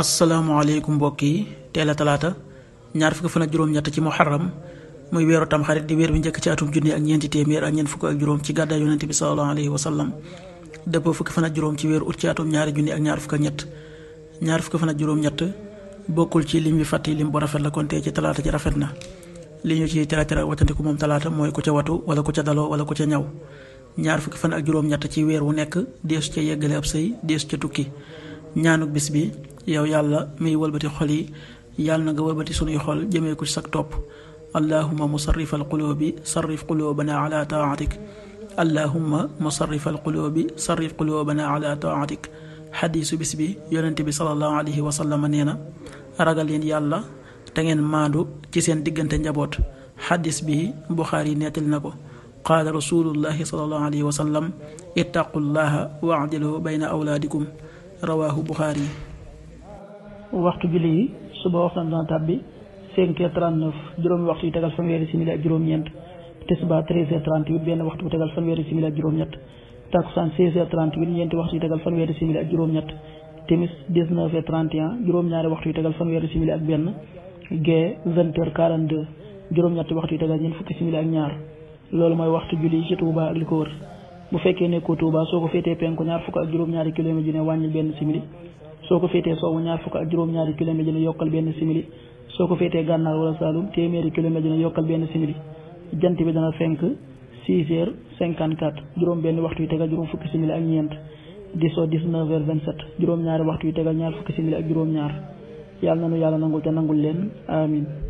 asalaamaaleykum mbokk yi teel a talaata ñaar fukki fan ak juróom-ñett ci muharram muy weeru tam tamxarit di weer bi njëkk ci atum junni ak ñeenti téeméer ak ñeent fukk ak juróom ci gàddaay yonent bi sallallahu alayhi wa sallam dëppoo fukki fan ak juróom ci weeru ci atum ñaari junni ak ñaar fukk ak ñett ñaar fukki fan ak juróom bokkul ci lim bi fàtt yi lim bu rafet la kon tey ci talaata ci rafet na li ñu ci tera tera wàccandiku moom talaata mooy ku ca watu wala ku ca daloo wala ku ca ñaw ñaar fukki fan ak juróom-ñett ci weer wu nekk deesu ca yeggale ab sëy deesu ca tukki ñaanuk bis bi yow yàlla muy wëlbati xol yi yàlla na nga wëlbati sunuy xol jëmee ko ci sag topp allahuma musarrif alqulubi sarrif qulubana ala taatik allahuma musarrif alqulubi sarrif qulubana ala taatik xadiisu bis bi yonente bi salallahu alayhi wa sallam nee na ragal leen yàlla te ngeen maandu ci seen diggante njaboot xadis bi buxaari nettali na ko qaala rasulullahi salallahu alayhi wa sallam ittaqullaha waadilu bayna awlaadikum rawaahu Buxaari yi waxtu julli yi suba waxtaan dana tàbbi cinq heures trente neuf juróomi waxtu yu tegal fanweeri simili ak juróom-ñeent tisba treize heures trente huit benn waxtu bu tegal fanweeri simili ak juróom-ñett takusaan seize heures trente huit ñeenti waxtu yu fanweeri simili ak juróom-ñett timis dix neuf heures trente juróom-ñaari waxtu yu tegal fanweeri simili ak benn gee vingt heures quarante deux juróom-ñetti waxtu yu tegal ñeent fukki simili ak ñaar loolu mooy waxtu julli ci Tuuba ak li ko wër bu fekkee nekkoo Touba soo ko feetee penku ñaar fukk ak juróom-ñaari kilomètre yu ne benn simili soo ko féetee soowu ñaar fukk ak juróom-ñaari kilomètre yu soo ko féetee gànnaar wala Saloum téeméeri kilomètre yu ne yokkal benn simili jant bi dana fenk 6 juróom benn waxtu yu tegal juróom fukki simili ak ñeent di soo 19 heures 27 juróom-ñaari waxtu yu tegal ñaar fukki simili ak juróom-ñaar yàlla nanu yàlla nangul te nangul leen amin